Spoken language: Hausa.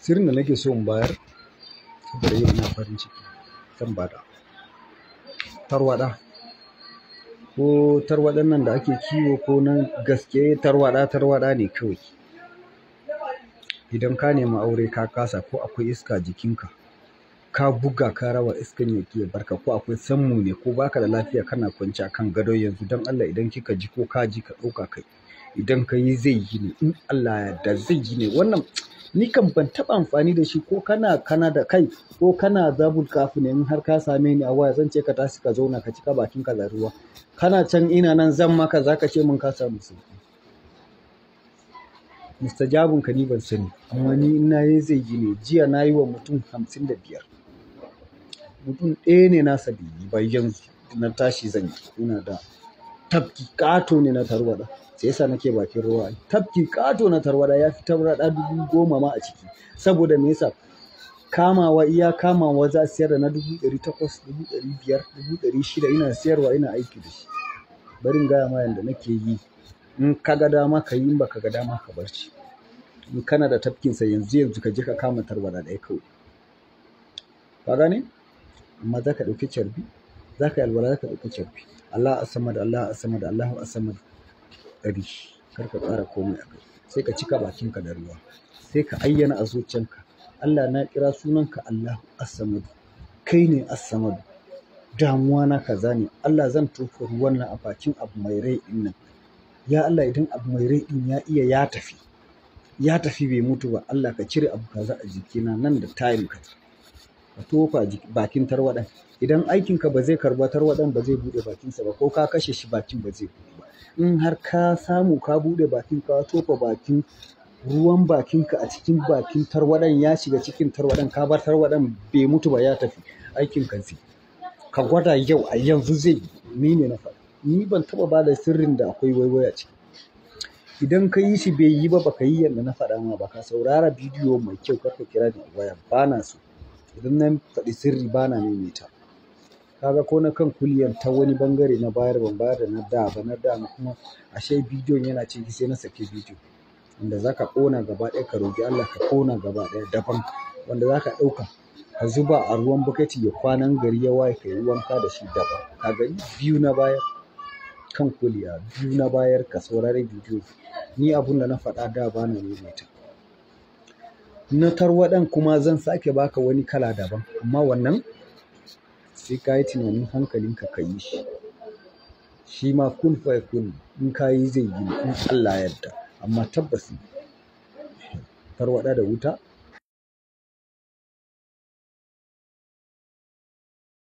sirrin da nake so in bayar saboda yau ina farin ciki zan bada tarwada ko tarwadan nan da ake kiwo ko nan gaske tarwada tarwada ne kawai idan ka nemi aure ka kasa ko akwai iska jikinka ka buga ka raba iskan ya ke barka ko akwai sammu ne ko baka da lafiya kana kwanci kan gado yanzu don Allah idan kika ji ko kaji ka ɗauka kai idan ka yi zai yi ne in Allah ya da zai yi ne wannan ni kan ban taɓa amfani da shi ko kana kana da kai ko kana zabul kafu ne in har ka same ni a waya zan ce ka tashi ka zauna ka cika bakin ka da ruwa kana can ina nan zan maka za ce mun ka samu sauki mustajabun ka ni ban sani amma ni ina yi zai yi ne jiya na yi wa mutum hamsin da biyar mutum ɗaya ne na sabi ba yanzu na tashi zan yi ina da tafki ƙato ne na tarwada sai yasa nake bakin ruwa tafki ƙato na tarwada ya fi tarwada dubu goma ma a ciki saboda me yasa kamawa iya kamawa za a siyar da na dubu ɗari takwas dubu ɗari biyar dubu ɗari shida ina siyarwa ina aiki da shi barin gaya ma yanda nake yi in ka ga dama ka yi in baka ga dama ka barci in kana da tafkinsa yanzu yanzu ka je ka kama tarwada ɗaya kawai ka gane amma za ka ɗauki carbi za ka yi alwala za ka ɗauki kyamfi Allah Allahu Allah asamad Allahu asamad ɗari kar ka ƙara komai a kai sai ka cika bakinka da ruwa sai ka ayyana a zuciyarka Allah na kira sunanka Allahu asamad kai ne asamad damuwa na kaza ne Allah zan tofa ruwan nan a bakin abu mai rai din nan ya Allah idan abu mai rai din ya iya ya tafi ya tafi bai mutu ba Allah ka cire abu kaza a jikina nan da time ci ka tofa bakin tarwaɗan idan aikinka ba zai karba tarwaɗan ba zai buɗe bakinsa ba ko ka kashe shi bakin ba zai buɗe ba in har ka samu ka buɗe bakin ka tofa bakin ruwan bakinka a cikin bakin tarwaɗan ya shiga cikin tarwaɗan ka bar tarwaɗan bai mutu ba ya tafi ka zai ka gwada yau a yanzu zai ni ne na faɗa ni ban taɓa ba da sirrin da akwai waiwaya ciki idan ka yi shi bai yi ba baka yi yadda na faɗa ma ba ka saurara bidiyo mai kyau kar ka kira ni a waya ba na so idan na faɗi sirri ba na maimaita ga ko na kan kuliyar ta wani bangare na bayar ban bayar da na da ba na da kuma ashe bidiyon yana ciki sai na sake bidiyo wanda zaka kona gaba ɗaya ka roki Allah ka kona gaba ɗaya daban wanda za ka ɗauka ka zuba a ruwan bukati ya kwanan gari ya waye ka yi wanka da shi daban ka gani biyu na bayar kan kuliya biyu na bayar ka saurari bidiyo ni abun da na faɗa da ba na maimaita na tarwaɗan kuma zan sake baka wani kala daban amma wannan sai ka yi tunanin hankalinka ka yi shi shi ma kun fai kun in ka yi zai yi in Allah yadda. amma tabbas tarwaɗa da wuta